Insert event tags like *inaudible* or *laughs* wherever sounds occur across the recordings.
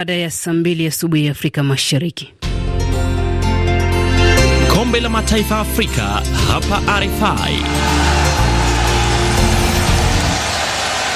Baada ya saa mbili asubuhi ya Afrika Mashariki, kombe la mataifa Afrika hapa RFI.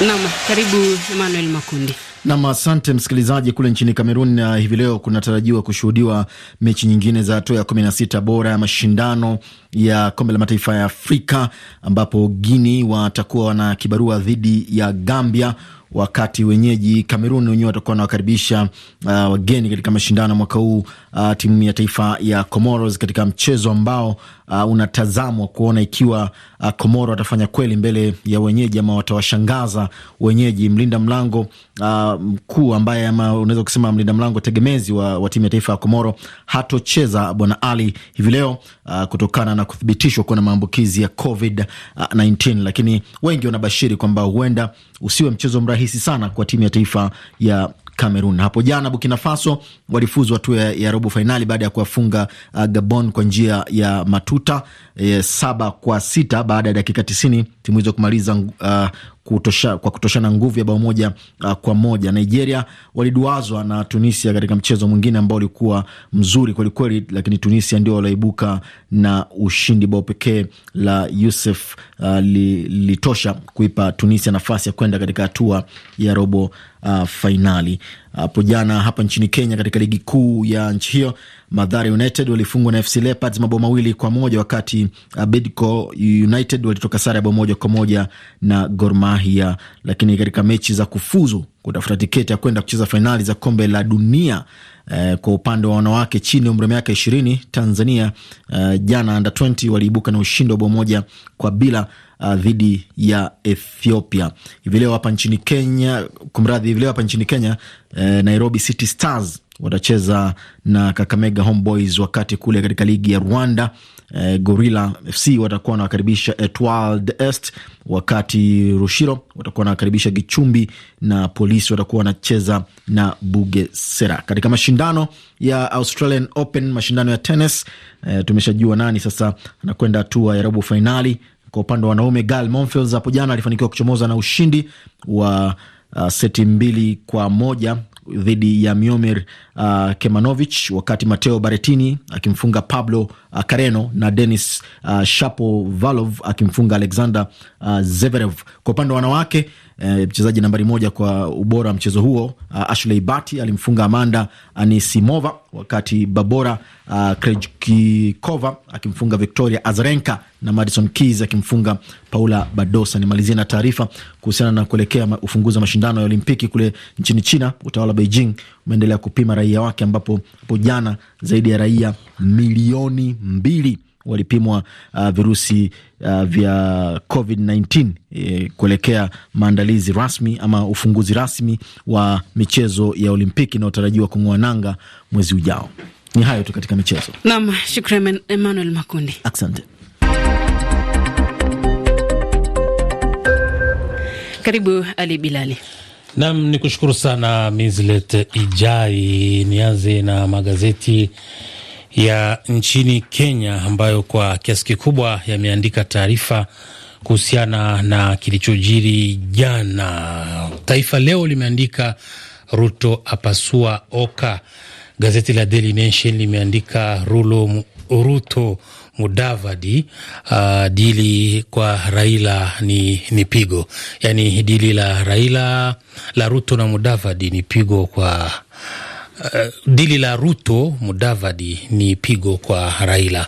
Nam, karibu Emmanuel Makundi. Nam, asante msikilizaji. Kule nchini Kamerun na uh, hivi leo kunatarajiwa kushuhudiwa mechi nyingine za hatua ya 16 bora ya mashindano ya kombe la mataifa ya Afrika ambapo Guini watakuwa wana kibarua dhidi ya Gambia, wakati wenyeji Kamerun wenyewe watakuwa wanawakaribisha uh, wageni katika mashindano mwaka huu uh, timu ya taifa ya Comoros katika mchezo ambao uh, unatazamwa kuona ikiwa uh, Comoro watafanya kweli mbele ya wenyeji ama watawashangaza wenyeji. Mlinda mlango uh, mkuu ambaye ama unaweza kusema mlinda mlango tegemezi wa, wa timu ya taifa ya Comoro hatocheza Bwana Ali hivi leo uh, kutokana na na kuthibitishwa kuwa na maambukizi ya COVID-19, lakini wengi wanabashiri kwamba huenda usiwe mchezo mrahisi sana kwa timu ya taifa ya Cameroon. Hapo jana Burkina Faso walifuzwa hatua ya robo fainali baada ya kuwafunga uh, Gabon kwa njia ya matuta e, saba kwa sita baada ya dakika tisini timu hizo kumaliza uh, kutosha, kwa kutoshana nguvu ya bao moja uh, kwa moja. Nigeria waliduazwa na Tunisia katika mchezo mwingine ambao ulikuwa mzuri kwelikweli, lakini Tunisia ndio walioibuka na ushindi. Bao pekee la Yusuf uh, ah, lilitosha kuipa Tunisia nafasi ya kwenda katika hatua ya robo uh, fainali hapo jana hapa nchini Kenya katika ligi kuu ya nchi hiyo. Madhari United walifungwa na FC Leopards mabao mawili kwa moja wakati Bidco United walitoka sare ya bao moja kwa moja na Gor Mahia. Lakini katika mechi za kufuzu kutafuta tiketi ya kwenda kucheza fainali za kombe la dunia Eh, kwa upande wa wanawake chini ya umri wa miaka ishirini Tanzania uh, jana under 20 waliibuka na ushindi wa bao moja kwa bila uh, dhidi ya Ethiopia. Hivi leo hapa nchini Kenya, kumradhi, hivi leo hapa nchini Kenya uh, Nairobi City Stars watacheza na Kakamega Homeboys, wakati kule katika ligi ya Rwanda eh, Gorilla FC watakuwa wanawakaribisha Etoile est wakati Rushiro watakuwa wanawakaribisha Gichumbi na Polisi watakuwa wanacheza na Bugesera. Katika mashindano ya Australian Open, mashindano ya tennis eh, tumeshajua nani sasa anakwenda hatua ya robo fainali. Kwa upande wa wanaume, Gael Monfils hapo jana alifanikiwa kuchomoza na ushindi wa uh, seti mbili kwa moja dhidi ya Miomir uh, Kemanovich, wakati Mateo Baretini akimfunga Pablo uh, Carreno na Denis uh, Shapovalov akimfunga Alexander uh, Zverev. Kwa upande wa wanawake Eh, mchezaji nambari moja kwa ubora wa mchezo huo ah, Ashley Barty alimfunga Amanda Anisimova, wakati Babora uh, Krejcikova akimfunga Victoria Azarenka na Madison Keys akimfunga Paula Badosa. Nimalizie na taarifa kuhusiana na kuelekea ufunguzi wa mashindano ya Olimpiki kule nchini China. Utawala Beijing umeendelea kupima raia wake, ambapo hapo jana zaidi ya raia milioni mbili walipimwa uh, virusi uh, vya COVID-19 e, eh, kuelekea maandalizi rasmi ama ufunguzi rasmi wa michezo ya Olimpiki inayotarajiwa kung'oa nanga mwezi ujao. Ni hayo tu katika michezo. Naam, shukrani Emmanuel Makundi, asante. Karibu Ali Bilali. Nam ni kushukuru sana Mislet Ijai. Nianze na magazeti ya nchini Kenya ambayo kwa kiasi kikubwa yameandika taarifa kuhusiana na kilichojiri jana. Taifa Leo limeandika Ruto apasua oka. Gazeti la Daily Nation limeandika Rulo Ruto Mudavadi, uh, dili kwa Raila ni, ni pigo. Yaani dili la Raila la Ruto na Mudavadi ni pigo kwa Uh, dili la Ruto Mudavadi ni pigo kwa Raila.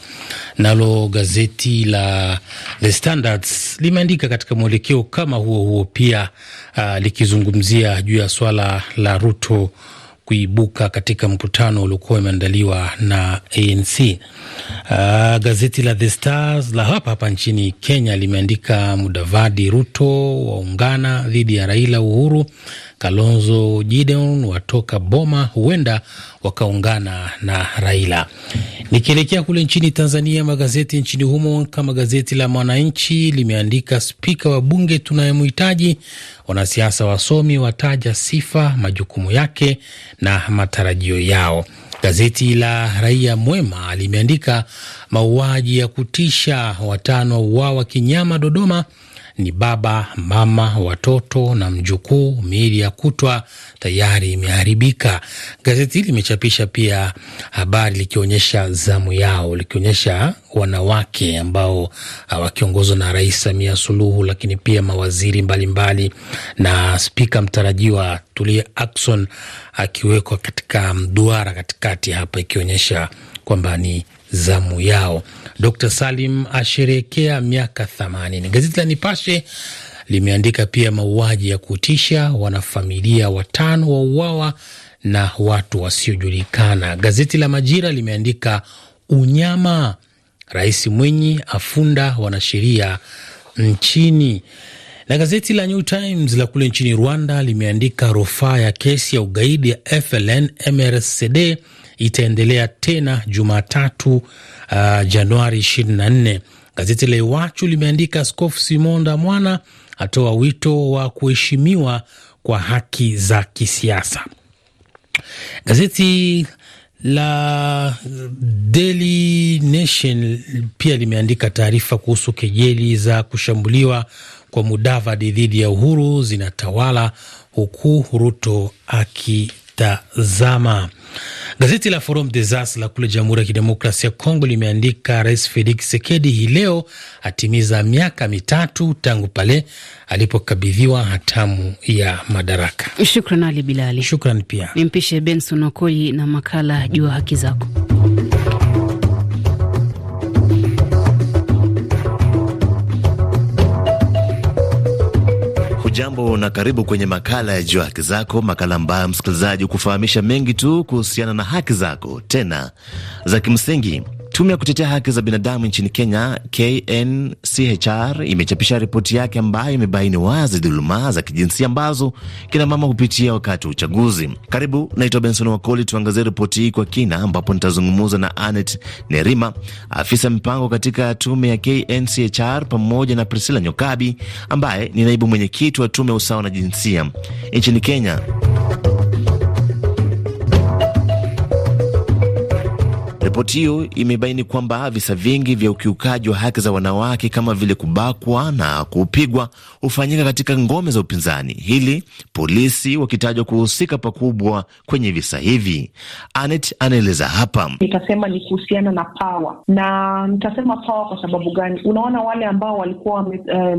Nalo gazeti la The Standards limeandika katika mwelekeo kama huo huo pia, uh, likizungumzia juu ya swala la Ruto kuibuka katika mkutano uliokuwa umeandaliwa na ANC. Uh, gazeti la The Stars la hapa hapa nchini Kenya limeandika Mudavadi, Ruto waungana dhidi ya Raila, Uhuru Kalonzo Gideon watoka Boma huenda wakaungana na Raila. Nikielekea kule nchini Tanzania, magazeti nchini humo kama gazeti la Mwananchi limeandika spika wa bunge tunayemhitaji, wanasiasa wasomi wataja sifa, majukumu yake na matarajio yao. Gazeti la Raia Mwema limeandika mauaji ya kutisha, watano wauawa kinyama Dodoma ni baba, mama, watoto na mjukuu, miili ya kutwa tayari imeharibika. Gazeti hili limechapisha pia habari likionyesha zamu yao, likionyesha wanawake ambao ah, wakiongozwa na Rais Samia Suluhu, lakini pia mawaziri mbalimbali mbali, na spika mtarajiwa Tulia Ackson akiwekwa katika mduara katikati hapa, ikionyesha kwamba ni zamu yao. Dr Salim asherekea miaka themanini. Gazeti la Nipashe limeandika pia mauaji ya kutisha, wanafamilia watano wauawa na watu wasiojulikana. Gazeti la Majira limeandika unyama, Rais Mwinyi afunda wanasheria nchini na gazeti la New Times la kule nchini Rwanda limeandika rufaa ya kesi ya ugaidi ya FLN MRCD itaendelea tena Jumatatu uh, Januari 24. Gazeti la Iwachu limeandika Askofu Simonda Mwana atoa wito wa kuheshimiwa kwa haki za kisiasa. Gazeti la Daily Nation pia limeandika taarifa kuhusu kejeli za kushambuliwa kwa Mudavadi dhidi ya Uhuru zinatawala huku Ruto akitazama. Gazeti la Forum des As la kule Jamhuri ya Kidemokrasia ya Kongo limeandika Rais Felix Tshisekedi hii leo atimiza miaka mitatu tangu pale alipokabidhiwa hatamu ya madaraka. Shukran Ali Bilali. Shukran pia nimpishe Benson Okoi na makala Jua Haki Zako. Hujambo na karibu kwenye makala ya juu haki zako, makala ambayo msikilizaji kufahamisha mengi tu kuhusiana na haki zako, tena za kimsingi. Tume ya kutetea haki za binadamu nchini Kenya, KNCHR, imechapisha ripoti yake ambayo imebaini wazi dhuluma za kijinsia ambazo kina mama hupitia wakati wa uchaguzi. Karibu, naitwa Benson Wakoli. Tuangazie ripoti hii kwa kina, ambapo nitazungumza na Anet Nerima, afisa mpango katika tume ya KNCHR, pamoja na Priscilla Nyokabi ambaye ni naibu mwenyekiti wa tume ya usawa na jinsia nchini Kenya. Ripoti hiyo imebaini kwamba visa vingi vya ukiukaji wa haki za wanawake kama vile kubakwa na kupigwa hufanyika katika ngome za upinzani, hili polisi wakitajwa kuhusika pakubwa kwenye visa hivi. Anet anaeleza hapa. Nitasema ni kuhusiana na pawa, na nitasema pawa kwa sababu gani? Unaona wale ambao walikuwa eh,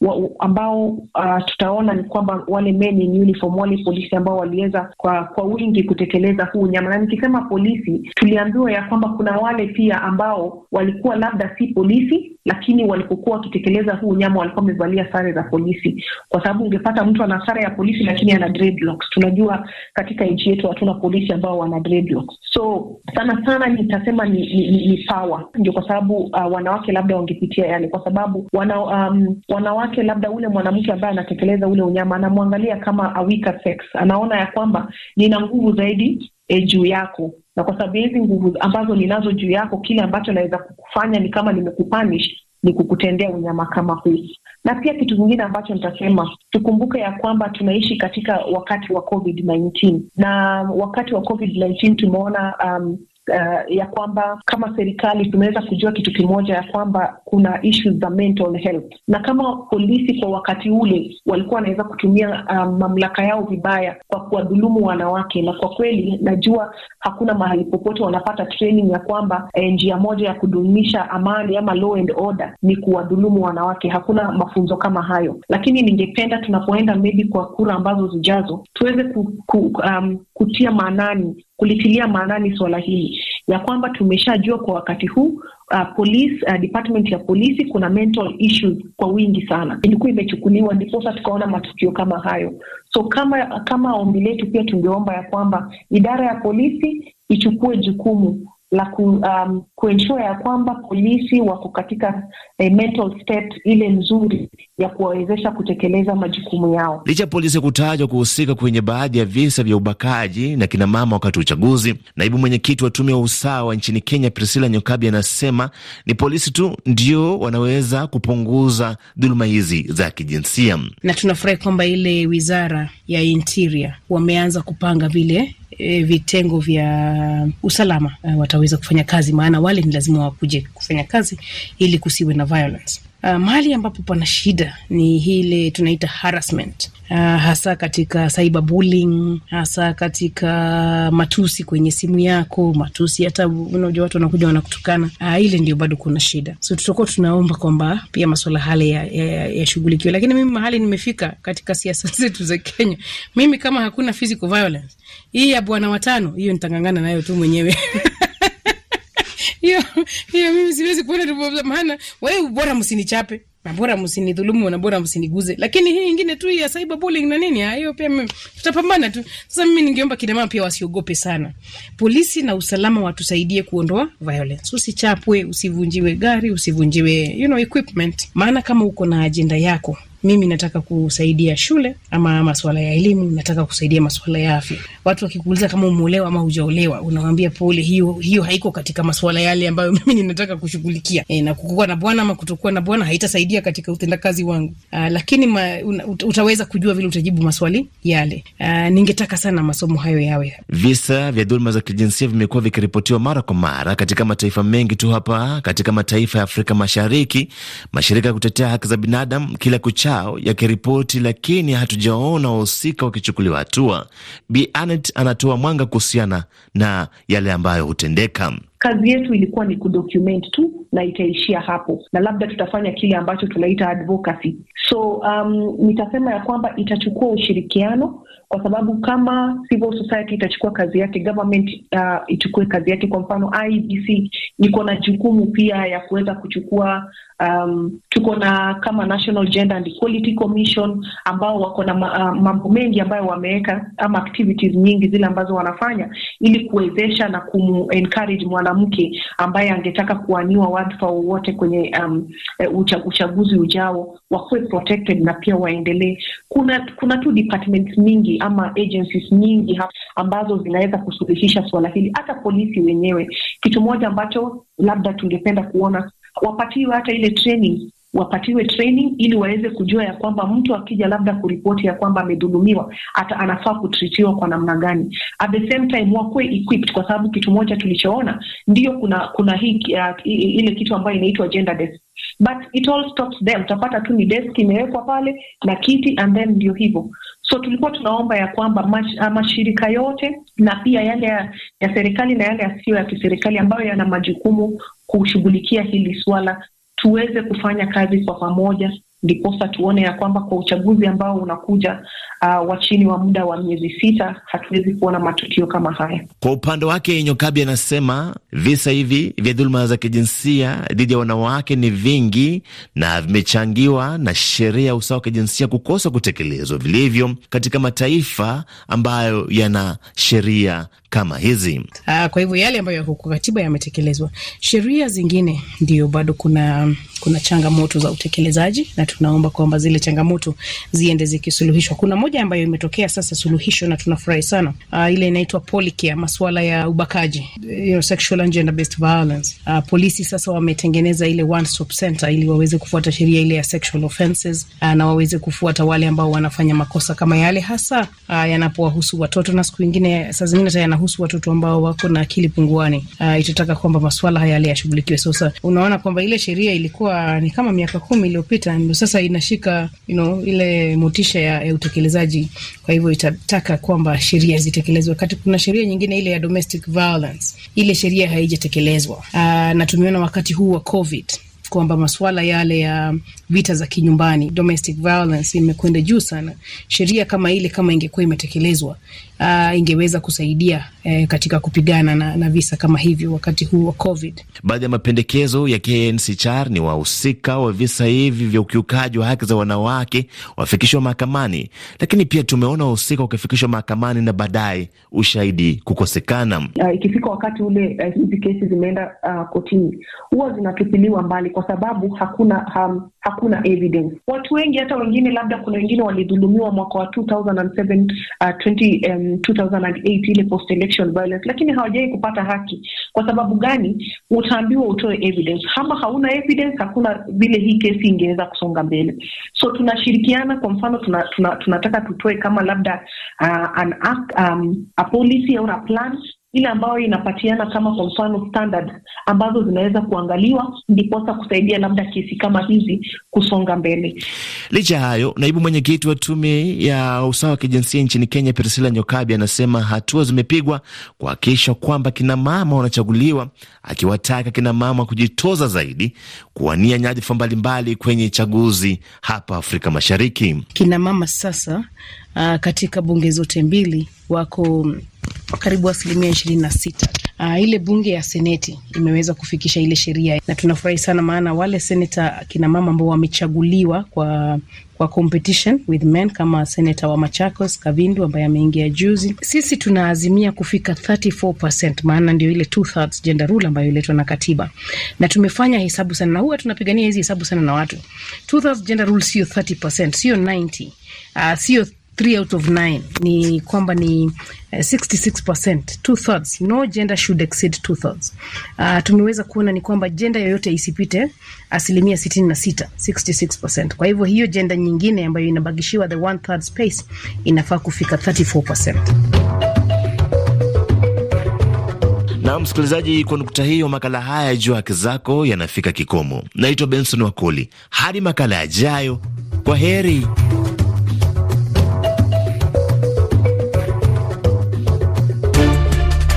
wa, ambao uh, tutaona ni kwamba wale men in uniform, wale polisi ambao waliweza kwa, kwa wingi kutekeleza huu nyama, na nikisema polisi tuliambiwa ya kwamba kuna wale pia ambao walikuwa labda si polisi, lakini walipokuwa wakitekeleza huu unyama walikuwa wamevalia sare za polisi, kwa sababu ungepata mtu ana sare ya polisi lakini ana dreadlocks. Tunajua katika nchi yetu hatuna polisi ambao wana dreadlocks. So sana sana nitasema ni, ni, ni, ni sawa ndio, kwa sababu uh, wanawake labda wangepitia yale, kwa sababu wana, um, wanawake labda ule mwanamke ambaye anatekeleza ule unyama anamwangalia kama a weaker sex, anaona ya kwamba nina nguvu zaidi e, juu yako, na kwa sababu hizi nguvu ambazo ninazo juu yako, kile ambacho naweza kukufanya ni kama nimekupanish ni kukutendea unyama kama huu. Na pia kitu kingine ambacho nitasema, tukumbuke ya kwamba tunaishi katika wakati wa COVID-19, na wakati wa COVID-19 tumeona um, uh, ya kwamba kama serikali tumeweza kujua kitu kimoja ya kwamba kuna issues za mental health, na kama polisi kwa wakati ule walikuwa wanaweza kutumia uh, mamlaka yao vibaya kwa kuwadhulumu wanawake, na kwa kweli najua hakuna mahali popote wanapata training ya kwamba eh, njia moja ya kudumisha amani ama law and order ni kuwadhulumu wanawake. Hakuna mafunzo kama hayo, lakini ningependa tunapoenda maybe kwa kura ambazo zijazo tuweze ku, ku, um, kutia maanani kulitilia maanani suala hili ya kwamba tumeshajua kwa wakati huu uh, police, uh, department ya polisi kuna mental issues kwa wingi sana ilikuwa imechukuliwa, ndiposa tukaona matukio kama hayo. So kama kama ombi letu pia tungeomba ya kwamba idara ya polisi ichukue jukumu la ku, um, kuensure ya kwamba polisi wako katika eh, mental state ile nzuri ya kuwawezesha kutekeleza majukumu yao. Licha polisi kutajwa kuhusika kwenye baadhi ya visa vya ubakaji na kinamama wakati wa uchaguzi, naibu mwenyekiti wa tume ya usawa nchini Kenya Priscilla Nyokabi anasema ni polisi tu ndio wanaweza kupunguza dhuluma hizi za kijinsia, na tunafurahi kwamba ile wizara ya interior wameanza kupanga vile e, vitengo vya usalama e, wataweza kufanya kazi, maana wale ni lazima wakuje kufanya kazi ili kusiwe na violence. Uh, mahali ambapo pana shida ni ile tunaita harassment uh, hasa katika cyber hasa katika matusi kwenye simu yako, matusi hata unajua watu wanakuja wanakutukana. Uh, ile ndio bado kuna shida, so tutakuwa tunaomba kwamba pia masuala hale yashughulikiwe ya, ya, lakini mimi mahali nimefika katika siasa *laughs* zetu za Kenya, mimi kama hakuna physical violence hii ya bwana watano hiyo nitangangana nayo tu mwenyewe *laughs* hiyo hiyo mimi siwezi kuona, maana wewe bora msinichape na bora msinidhulumu na bora msiniguze. Lakini hii nyingine tu ya bullying na nini, hiyo pia tutapambana tu. Sasa mimi ningeomba kina mama pia wasiogope sana. Polisi na usalama watusaidie kuondoa violence. Usichapwe, usivunjiwe gari, usivunjiwe you know equipment, maana kama uko na ajenda yako mimi nataka kusaidia shule ama maswala ya elimu, nataka kusaidia maswala ya afya. Watu wakikuuliza kama umeolewa ama hujaolewa, unawambia pole, hiyo hiyo haiko katika maswala yale ambayo *laughs* mimi ninataka kushughulikia. E, na kukuwa na bwana ama kutokuwa na bwana haitasaidia katika utendakazi wangu. A, ah, lakini ma, una, utaweza kujua vile utajibu maswali yale. A, ah, ningetaka sana masomo hayo yawe. Visa vya dhuluma za kijinsia vimekuwa vikiripotiwa mara kwa mara katika mataifa mengi tu hapa katika mataifa ya Afrika Mashariki. Mashirika ya kutetea haki za binadamu kila kucha yao yakiripoti, lakini hatujaona wahusika wakichukuliwa hatua. Bi Anet anatoa mwanga kuhusiana na yale ambayo hutendeka. Kazi yetu ilikuwa ni kudocument tu na itaishia hapo, na labda tutafanya kile ambacho tunaita advocacy. So um, nitasema ya kwamba itachukua ushirikiano kwa sababu kama civil society itachukua kazi yake, government uh, ichukue kazi yake. Kwa mfano IBC e iko na jukumu pia ya kuweza kuchukua um, tuko na kama National Gender and Equality Commission ambao wako na ma, uh, mambo mengi ambayo wameweka ama activities nyingi zile ambazo wanafanya ili kuwezesha na kumencourage mwana mwanamke ambaye angetaka kuaniwa wadhifa wowote kwenye um, eh, uchaguzi ujao wakuwe protected na pia waendelee. Kuna kuna tu departments nyingi ama agencies nyingi ambazo zinaweza kusuluhisha suala hili, hata polisi wenyewe. Kitu moja ambacho labda tungependa kuona wapatiwe hata ile training wapatiwe training ili waweze kujua ya kwamba mtu akija labda kuripoti ya kwamba amedhulumiwa hata anafaa kutritiwa kwa namna gani. At the same time wakuwe equipped, kwa sababu kitu moja tulichoona ndio kuna kuna hii uh, ile kitu ambayo inaitwa gender desk but it all stops there. Utapata tu ni desk imewekwa pale na kiti and then ndio hivyo. So tulikuwa tunaomba ya kwamba mash, ah, mashirika yote na pia yale ya, ya serikali na yale yasiyo ya kiserikali ambayo yana majukumu kushughulikia hili swala tuweze kufanya kazi kwa pamoja, ndiposa tuone ya kwamba kwa uchaguzi ambao unakuja uh, wa chini wa muda wa miezi sita hatuwezi kuona matukio kama haya. Kwa upande wake, Nyokabi anasema visa hivi vya dhuluma za kijinsia dhidi ya wanawake ni vingi na vimechangiwa na sheria ya usawa wa kijinsia kukosa kutekelezwa vilivyo katika mataifa ambayo yana sheria kama hizi. Aa, ah, kwa hivyo yale ambayo yako kwa katiba yametekelezwa. Sheria zingine ndio bado kuna, kuna changamoto za utekelezaji, na tunaomba kwamba zile changamoto ziende zikisuluhishwa. Kuna moja ambayo imetokea sasa suluhisho, na tunafurahi sana. Aa, ah, ile inaitwa polikia, masuala ya ubakaji, you know, sexual and gender based violence. Aa, ah, polisi sasa wametengeneza ile one stop center ili waweze kufuata sheria ile ya sexual offenses, aa, na waweze kufuata wale ambao wanafanya makosa kama yale hasa yanapowahusu watoto na siku nyingine, saa zingine hata inahusu watoto ambao wako na akili punguani. Uh, itataka kwamba maswala haya yale yashughulikiwe. Sasa unaona kwamba ile sheria ilikuwa ni kama miaka kumi iliyopita, ndio sasa inashika you know, ile motisha ya, ya utekelezaji. Kwa hivyo itataka kwamba sheria zitekelezwe, wakati kuna sheria nyingine ile ya domestic violence, ile sheria haijatekelezwa. Uh, na tumeona wakati huu wa COVID kwamba masuala yale ya vita za kinyumbani domestic violence imekwenda juu sana. Sheria kama ile kama ingekuwa imetekelezwa uh, ingeweza kusaidia eh, katika kupigana na, na visa kama hivyo wakati huu wa COVID. Baadhi ya mapendekezo ya KNCHR ni wahusika wa visa hivi vya ukiukaji wa haki za wanawake wafikishwe mahakamani, lakini pia tumeona wahusika wakifikishwa mahakamani na baadaye ushahidi kukosekana. Uh, ikifika wakati ule eh, hizi uh, kesi zimeenda uh, kotini, huwa zinatupiliwa mbali kwa sababu hakuna um, hakuna evidence. Watu wengi hata wengine, labda kuna wengine walidhulumiwa mwaka wa 2007, uh, 20, um, 2008 ile post election violence, lakini hawajawai kupata haki. Kwa sababu gani? Utaambiwa utoe evidence. Kama hauna evidence, hakuna vile hii kesi ingeweza kusonga mbele. So tunashirikiana, kwa mfano tuna, tuna, tunataka tutoe kama labda uh, an act, um, a policy or a plan ile ambayo inapatiana kama kwa mfano standard ambazo zinaweza kuangaliwa ndiposa kusaidia labda kesi kama hizi kusonga mbele. Licha hayo, naibu mwenyekiti wa tume ya usawa wa kijinsia nchini Kenya, Priscilla Nyokabi, anasema hatua zimepigwa kuhakikisha kwamba kina mama wanachaguliwa, akiwataka kina mama kujitoza zaidi kuwania nyadhifa mbalimbali kwenye chaguzi hapa Afrika Mashariki. Kina mama sasa uh, katika bunge zote mbili wako mm, karibu asilimia ishirini na sita. Uh, ile bunge ya seneti imeweza kufikisha ile sheria na tunafurahi sana, maana wale seneta kina mama ambao wamechaguliwa kwa kwa competition with men kama seneta wa Machakos Kavindu ambaye ameingia juzi, sisi tunaazimia kufika 34%, maana ndio ile two thirds gender rule ambayo iletwa na katiba, na tumefanya hesabu sana, na huwa tunapigania hizi hesabu sana na watu. Two thirds gender rule sio 30%, sio 90, uh, ah, sio three out of nine ni kwamba ni uh, 66% two thirds, no gender should exceed two thirds. Uh, ah, tumeweza kuona ni kwamba jenda yoyote isipite asilimia sitini na sita 66%. Kwa hivyo hiyo jenda nyingine ambayo inabakishiwa the one third space inafaa kufika 34%. Na msikilizaji, kwa nukta hiyo, makala haya ya Jua Haki Zako yanafika kikomo. Naitwa Benson Wakoli, hadi makala yajayo, kwa heri.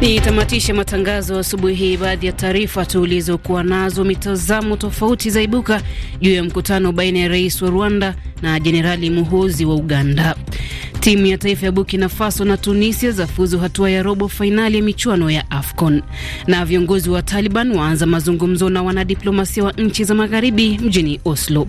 ni tamatishe matangazo asubuhi hii. Baadhi ya taarifa tulizokuwa nazo: mitazamo tofauti zaibuka juu ya mkutano baina ya rais wa Rwanda na Jenerali Muhozi wa Uganda. Timu ya taifa ya Burkina Faso na Tunisia zafuzu hatua ya robo fainali ya michuano ya AFCON, na viongozi wa Taliban waanza mazungumzo na wanadiplomasia wa nchi za magharibi mjini Oslo.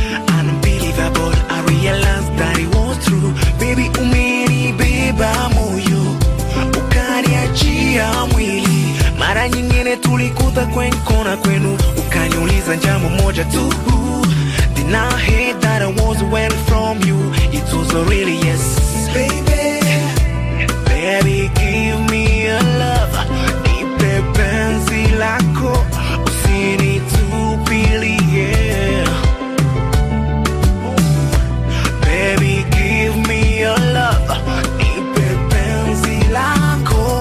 stranger to who Did I hate that I was away from you It was a really yes Baby Baby give me a love Nipepenzi lako usinitupilie Baby give me a love lako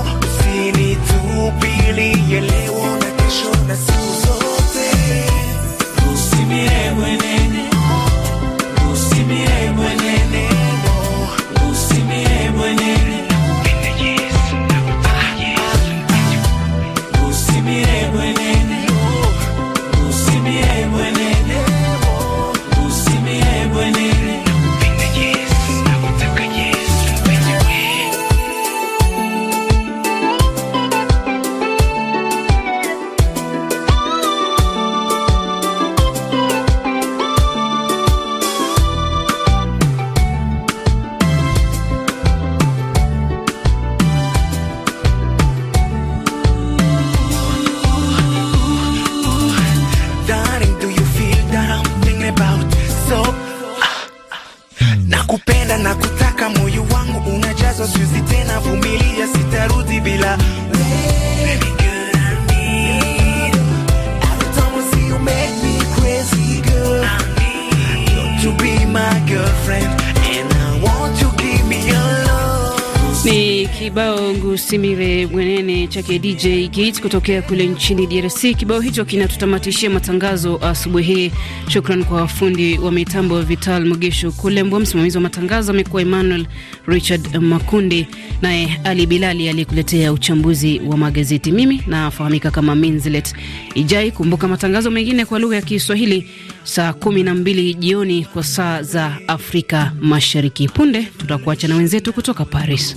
chake DJ Gates kutokea kule nchini DRC. Kibao hicho kinatutamatishia matangazo asubuhi hii. Shukran kwa wafundi wa mitambo Vital Mugisho Kulembwa, msimamizi wa matangazo amekuwa Emmanuel Richard Makundi, naye Ali Bilali aliyekuletea uchambuzi wa magazeti. Mimi nafahamika kama minlet Ijai. Kumbuka matangazo mengine kwa lugha ya Kiswahili saa 12 jioni kwa saa za Afrika Mashariki. Punde tutakuacha na wenzetu kutoka Paris.